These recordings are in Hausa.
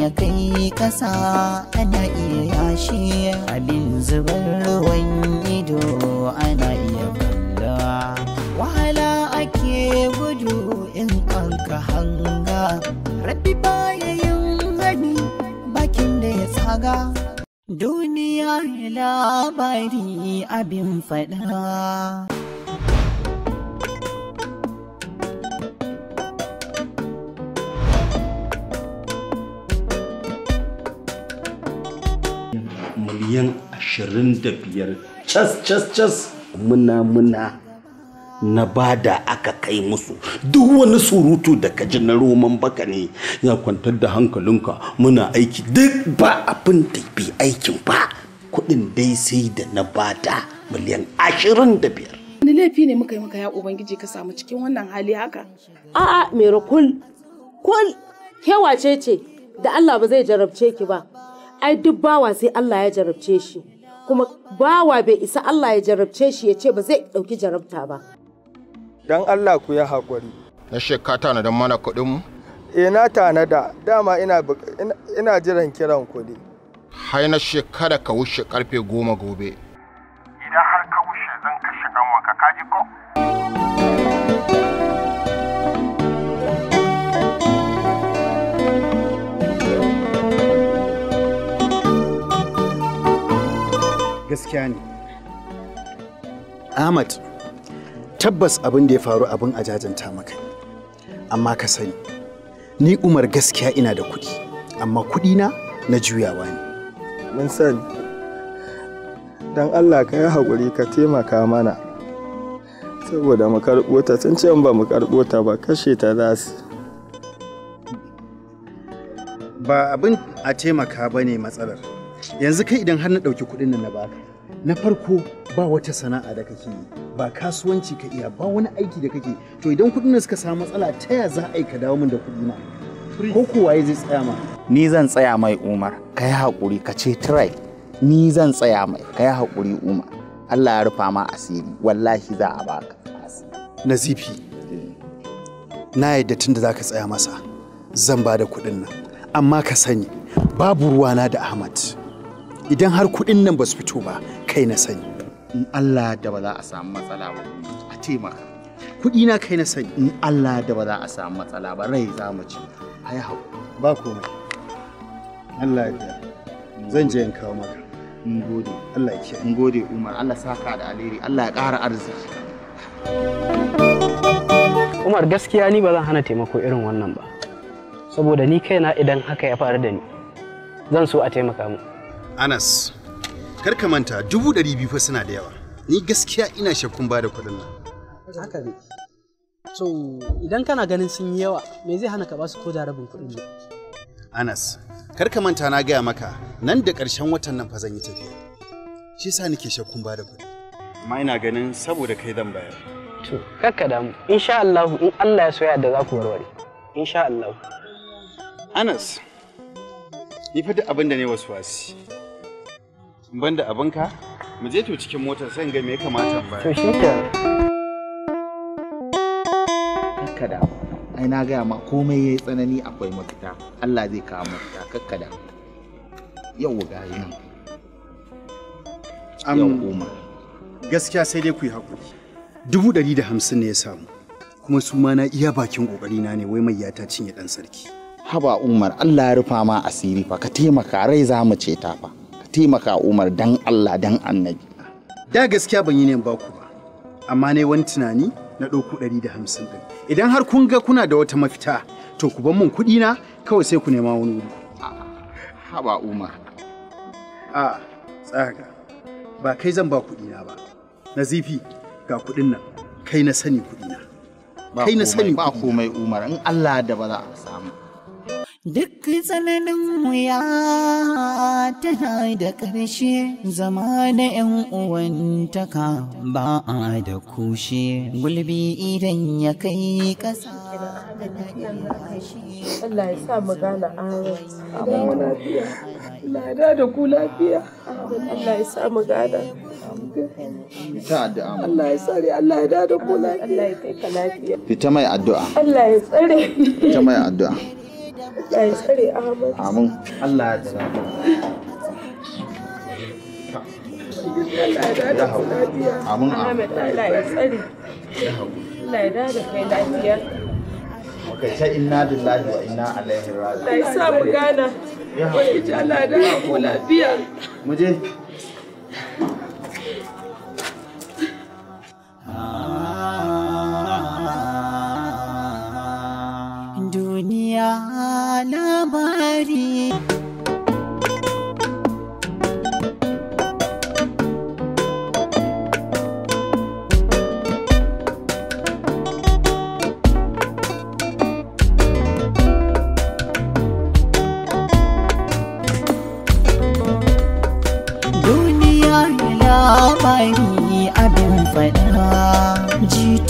ya kai kasa ana iya yashi abin zubar ruwan ido ana iya balla wahala ake gudu in an ka hanga rabbi bayayin gani bakin da ya tsaga duniya labari abin faɗa miliyan biyar cas cas cas muna muna na bada aka kai musu duk wani surutu da ka ji na roman baka ne ya kwantar da hankalinka muna aiki duk ba abin da bi aikin ba kudin dai sai da na bada miliyan ashirin da biyar. wani laifi ne muka yi maka ya ubangiji ka samu cikin wannan hali haka a'a mera kul kul kewace ce da Allah ba zai jarabce ki ba ai duk bawa sai Allah ya jarabce shi kuma bawa bai isa Allah ya jarabce shi ya ce ba zai ɗauki jarabta ba dan Allah ku ya haƙuri na shekka tana don mana kuɗin mu eh na tanada dama ina ina jiran kiran kuɗi hai na shekara ka wuce karfe goma gobe idan har ka wuce zan kashe kanwanka ka ji ko gaskiya ne ahmad tabbas abin da ya faru abin a jajanta maka amma ka sani ni umar gaskiya ina da kuɗi amma kuɗi na na juyawa ne mun sani don allah ka yi haƙuri ka taimaka mana saboda mu karɓo ta sun ce ba mu karɓo ta ba kashe ta za su ba abin a taimaka ba ne matsalar yanzu kai idan har na ɗauki kuɗin nan na baka na farko ba wata sana'a da kake yi ba kasuwanci ka iya ba wani aiki da kake to idan kuɗin nan suka samu matsala ta ya za a yi ka dawo min da kuɗi na ko kowa zai tsaya ma ni zan tsaya mai umar ka yi haƙuri ka ce try ni zan tsaya mai ka yi haƙuri umar Allah ya rufa ma asiri wallahi za a baka nazifi na yadda tun da za ka tsaya masa zan ba da kuɗin nan amma ka sani babu ruwana da ahmad idan har kuɗin nan ba su fito ba kai na sani in Allah da ba za a samu matsala ba a taimaka kuɗi na kai na sani in Allah da ba za a samu matsala ba rai za mu ci ai hau ba komai Allah ya zan je in kawo maka in gode Allah ya in gode Umar Allah saka da aliri, Allah ya ƙara arziki Umar gaskiya ni ba zan hana taimako irin wannan ba saboda ni kaina idan haka ya faru da ni zan so a taimaka mu Anas, kar ka manta dubu ɗari biyu fa suna da yawa. Ni gaskiya ina shakkun ba da kuɗin nan. Haka ne. So idan kana ganin sun yi yawa, me zai hana ka ba su ko da rabin kuɗin ne? Anas, kar ka manta na gaya maka nan da ƙarshen watan nan fa zan yi tafiya. Shi sa nake shakkun ba da kuɗi. Amma ina ganin saboda kai zan bayar. To, kakka damu. Insha Allah in Allah ya soya da za ku warware. Insha Allah. Anas, ni fa duk abin da ne wasu wasi. in banda abinka mu je to cikin motar sai ga me ya kamata ba to ke kakkada ai na gaya ma komai yayi tsanani akwai mafita Allah zai kawo mafita kakkada yau ga yi am goma gaskiya sai dai ku yi hakuri dubu ɗari da hamsin ne ya samu kuma su ma na iya bakin ƙoƙari na ne wai mai ya ta cinye ɗan sarki haba umar Allah ya rufa ma asiri fa ka taimaka rai za mu ce ta fa taimaka Umar dan Allah dan annabi. Da gaskiya ban yi ne ba ku ba, amma ne wani tunani na ɗauku ɗari da hamsin ɗin. Idan har kun ga kuna da wata mafita, to ku ban mun kuɗi na kawai sai ku nema wani wuri. Haba Umar. A tsaga, ba kai zan ba kuɗi na ba. Nazifi ga kuɗin nan, kai na sani kuɗi na. Kai na sani ba komai Umar in Allah da ba za a samu. Duk tsananin mu wuya tana da ƙarshe zama da ‘yan uwantaka ba a da kushe gulbi idan ya kai ƙasa. Allah ya sa mu gane amin. lafiya, lada da ku lafiya. Allah ya sa mu gane. Allah ya tsare, Allah ya da da ku lafiya. Allah ya kai ka lafiya. Fita mai addu'a. Allah ya tsare. Fita mai addu'a. Allah ya tsare Amin. Allah ya tsare. Ahmad Allah ya tsare. Allah ya dada kai lafiya. inna lillahi wa inna alaihi raji'un. Allah ya sa mu gana. Ya ji Allah ya dada ku lafiya. Mu je. labari abin faɗa jito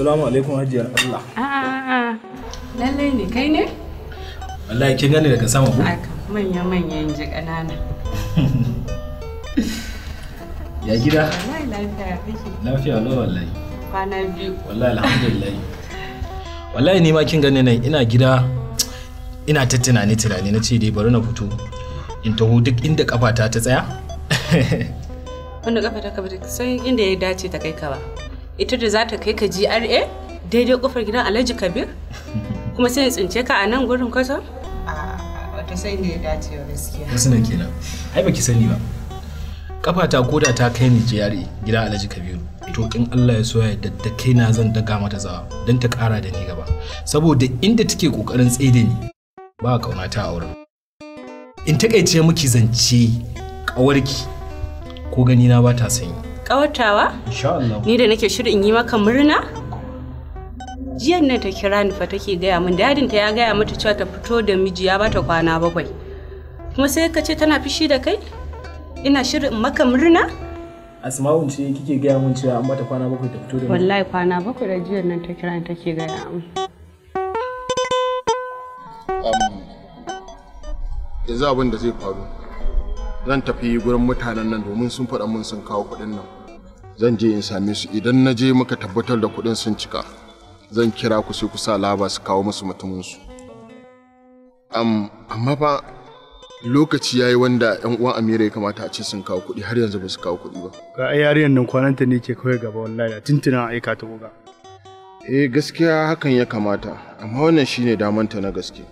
Assalamu alaikum hajiyar Allah. A'a ah, ah, ah, lallai ne kai ne? Wallahi kin gane daga sama ko? Manya manya in ji ƙanana. Ya gida? Wallahi lafiya kake. Lafiya lo wallahi. Kwana biyu. Wallahi alhamdulillah. Wallahi ni ma kin gane nan ina gida ina ta tunani tunani na ce dai bari na fito in taho duk inda kafata ta tsaya. Wanda kafa ta kafa sai inda ya dace ta kai ka ba. ita da za ta kai ka GRA daidai kofar gidan Alhaji Kabir kuma sai ya tsince ka a nan gurin kwata? Wata sai da ya dace wa gaskiya. Wasu na kenan. Ai baki sani ba. Kafata koda ta kai ni GRA gidan Alhaji Kabiru. To in Allah ya so ya yadda kai na zan daga mata zawa don ta kara da ni gaba. Saboda inda take kokarin tsaye ni ba kaunata ta aure. In takaice miki zance kawarki ko gani na ba ta sanyi. kawatawa? Ni da nake shirin yi maka murna? Jiyan nan ta kira ni fa take gaya min dadin ta ya gaya mata cewa ta fito da miji ya bata kwana bakwai. Kuma sai ka ce tana fishi da kai? Ina shirin maka murna? Asma'u ce kike gaya min cewa an bata kwana bakwai ta fito da Wallahi kwana bakwai da jiyan nan ta kira ni take gaya min. yanzu abin da zai faru zan tafi gurin mutanen nan domin sun faɗa mun sun kawo kuɗin nan zan je in same su idan na je muka tabbatar da kuɗin sun cika zan kira ku sai ku sa laba su kawo musu mutuminsu amma fa lokaci yayi wanda yan uwan amira ya kamata a ce sun kawo kuɗi har yanzu ba su kawo kuɗi ba ga ai yarinyar nan kwananta ne ke kawai gaba wallahi tuntuna aika ta goga eh gaskiya hakan ya kamata amma wannan shine damanta na gaske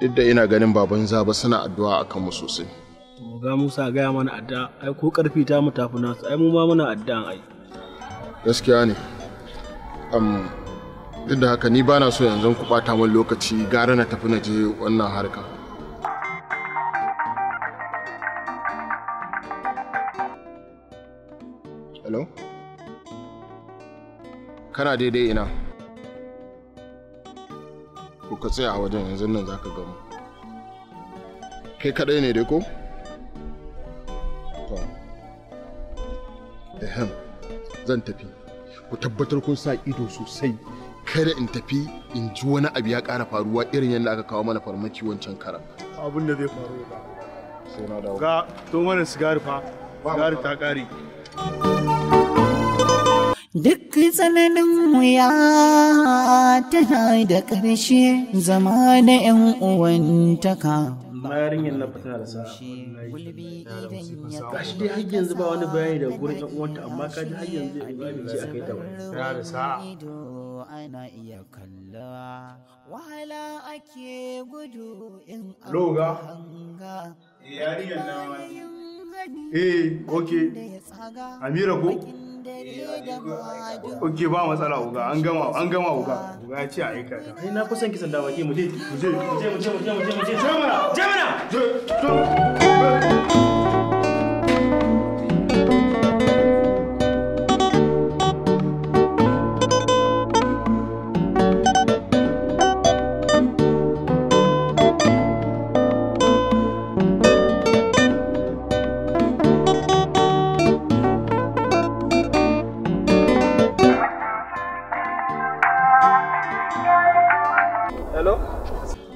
duk da ina ganin baban zaba suna addu'a akan mu sosai ga musa gaya mana adda ai ko karfi ta mu tafi nasu ai mu ma muna adda ai gaskiya ne am duk da haka ni ba na so yanzu ku bata min lokaci gara na tafi na je wannan harka hello kana daidai ina ko ka tsaya a wajen yanzu nan zaka gamu kai kadai ne dai ko zan tafi ku tabbatar kun sa ido sosai kada in tafi in ji wani abu ya ƙara faruwa irin yadda aka kawo mana farmaki wancan kara abin da zai faru ba ga to mana sigari fa sigari ta Duk tsananin wuya tana da ƙarshe zama da ‘yan uwantaka. amma yarinyar nan tana da sa'a gulbi idan ya gashi dai har yanzu ba wani bayani daga gurin yan uwanta amma ka ji har yanzu in ba a akai ta tana da ana iya kalla wahala ake gudu in loga eh, yarinyar nan eh amira ko Oke ba matsala uga an gama an gama uga uga ya ce a aika ta. Ai na kusan kisan da wake mu je mu je mu je mu je mu je mu je mu je mu je mu je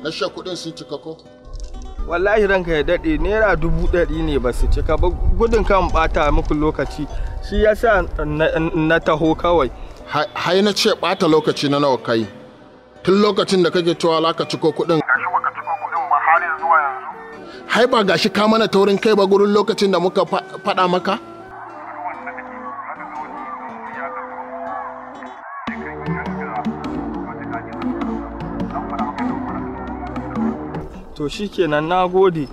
na sha kuɗin sun cika ko wallahi ranka ya daɗe naira dubu ɗari ne ba su cika ba gudun kan ɓata muku lokaci shi ya sa na taho kawai hai na ce ɓata lokaci na nawa kai tun lokacin da kake cewa za ka ciko kudin gashi kuɗin zuwa yanzu hai ba gashi ka mana taurin kai ba gurin lokacin da muka faɗa maka to shikenan na gode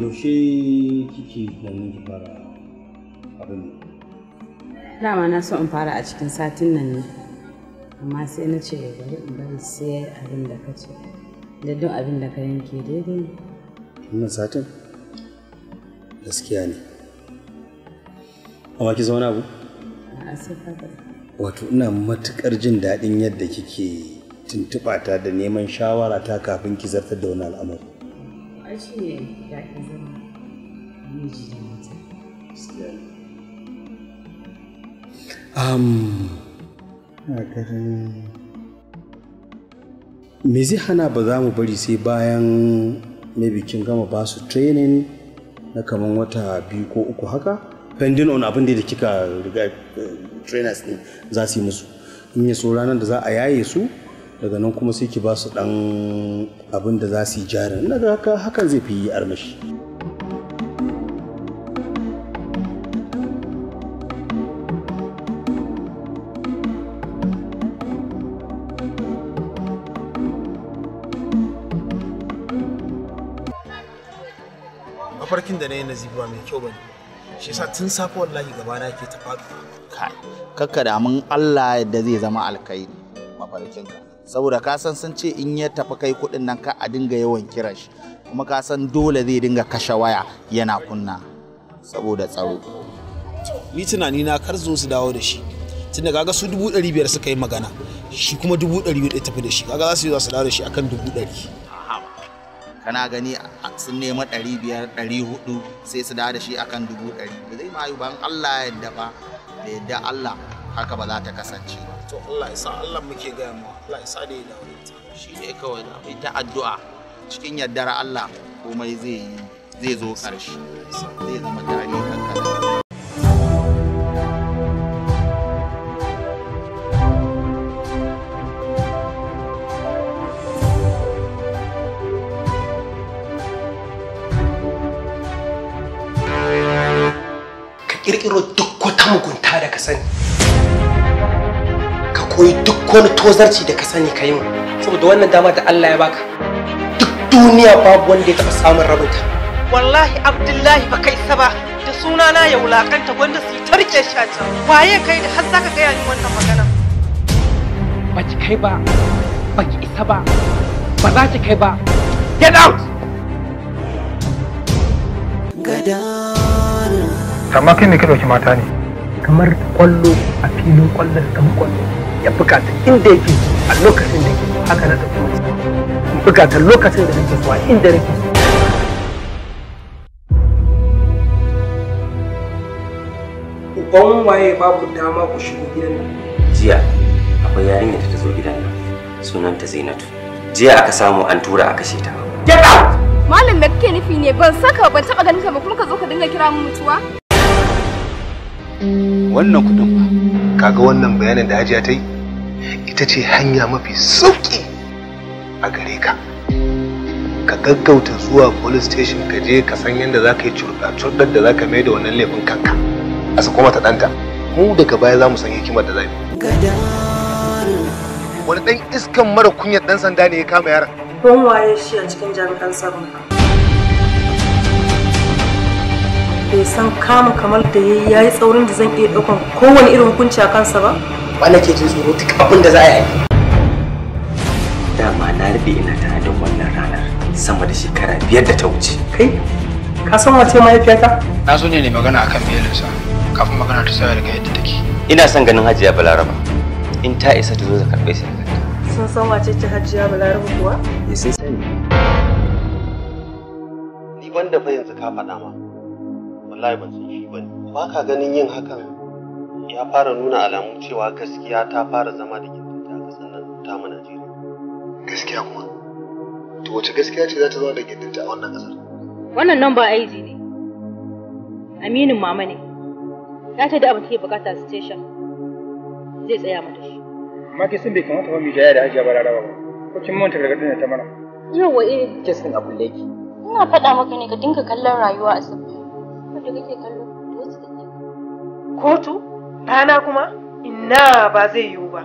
yaushe kike ganin ki fara abin dama na so in fara a cikin satin nan ne amma sai na ce bari in bari sai abin da ka ce da duk abin da ka yanke daidai wannan satin gaskiya ne amma ki zauna abu a sai ka wato ina matukar jin daɗin yadda kike tuntuɓa ta da neman shawara ta kafin ki zartar da wani al'amari a shi ne daɗin zama miji da mata me zai hana ba za mu bari sai bayan mai bikin gama ba su training na kamar wata biyu ko uku haka pending on abin da kika riga eh, trainers ne za su yi musu in yi so ranar da za a yaye su daga nan kuma sai ki ba su dan abin da za su yi jarin naga haka hakan zai fi yi armashi. mafarkin da na yi nazibi ba mai kyau ba ne shi yasa tun safe wallahi gaba na ke ta faɗo kai kakka da mun Allah yadda zai zama alkhairi ka saboda ka san sun ce in ya tafi kai kuɗin nan ka a dinga yawan kiran shi kuma ka san dole zai dinga kashe waya yana kunna saboda tsaro ni tunani na kar zo su dawo da shi tunda kaga su dubu ɗari biyar suka yi magana shi kuma dubu ɗari ya tafi da shi kaga za su yi za su dawo da shi akan dubu ɗari kana gani sun nema ɗari biyar ɗari hudu sai su da shi akan dubu ɗari ba zai mayu ba Allah ya yadda ba da yadda Allah haka ba za ta kasance ba to Allah ya sa Allah muke gaya mu Allah ya sa da ya shi ne kawai da mai ta addu'a cikin yardar Allah komai zai zai zo ƙarshe zai zama tarihi kirkiro duk wata mugunta da ka sani ka koyi duk wani tozarci da ka sani ka yi mu saboda wannan dama da Allah ya baka duk duniya babu wanda ya taɓa samun rabinta wallahi abdullahi ba kai saba da sunana ya wulakanta gwanda su tarke shi a can waye kai da har zaka gaya ni wannan magana ba ki kai ba ba ki isa ba ba za ki kai ba get out Gada. amma kai me ka dauki mata ne kamar kwallo a filin kwallon dan kwallo ya bukata inda yake a lokacin da yake haka na dauki mata bukata lokacin da nake so a inda nake so uban waye babu dama ku shigo gidan nan jiya akwai yarinya ta zo gidan nan sunanta Zainatu jiya aka samu an tura aka kashe ta get out malam me kake nufi ne ban saka ban taba ganin ka ba kuma ka zo ka dinga kira mu mutuwa wannan kuɗin ba kaga wannan bayanin da hajiya ta yi ita ce hanya mafi sauƙi a gare ka ka gaggauta zuwa police station ka je ka san yadda za ka yi curɗa da za ka mai da wannan laifin kanka a sako ta ɗanta mu daga baya za mu san hikimar da za wani ɗan iskan mara kunyar ɗan sanda ne ya kama yaran. Kwan waye shi a cikin jami'an tsaron. bai san kama kamar da ya yi tsaurin da zan iya ɗaukan kowane irin hukunci a kansa ba wanda ke jin tsoro duk abin da za a yi dama na rufe ina da wannan ranar sama da shekara biyar da ta wuce kai ka san wace mahaifiyata na so ne ne magana akan biyarinsa kafin magana ta tsaya daga yadda take ina son ganin hajiya balaraba in ta isa ta zo ta karɓe shi. sun san wace ce hajiya balaraba kuwa ya eh, sun sani ni banda fa yanzu ka faɗa ma wallahi ban san shi bane ba ka ganin yin hakan ya fara nuna alamu cewa gaskiya ta fara zama da gindinta a ƙasar nan ta mu Najeriya gaskiya kuma to wace gaskiya ce za ta zama da gindinta a wannan ƙasar wannan nan ba aiji ne aminin mama ne ya ce da abin take bukata su ce shan zai tsaya mata shi amma ke sun bai kamata ba mu jaya da hajiya bararaba ba ko kin manta gargadin da ta mana yawa eh kesin abun da yake ina faɗa maka ne ka dinga kallon rayuwa a sabbi da kake kotu rana kuma ina ba zai yiwu ba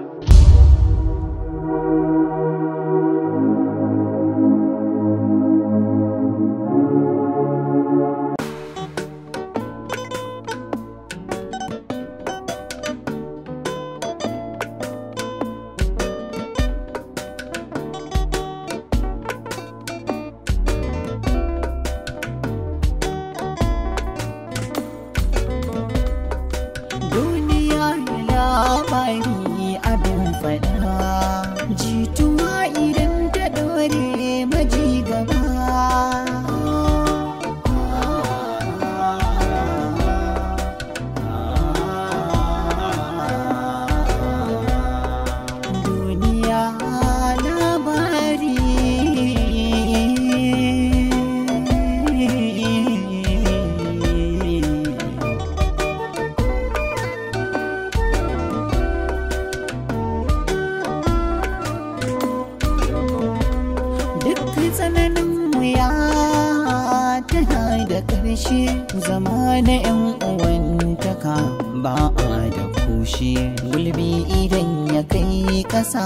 kushe gulbi idan ya kai kasa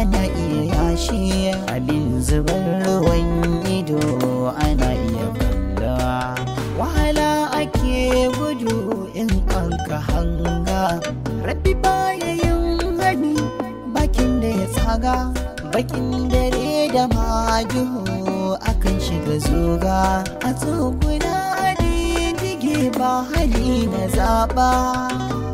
ana iya yashi. abin zubar ruwan ido ana iya balla wahala ake gudu in an ka hanga rabbi ya yin hani bakin da ya tsaga bakin dare da majuhu akan shiga zuga a tsoguna da ba hali na zaba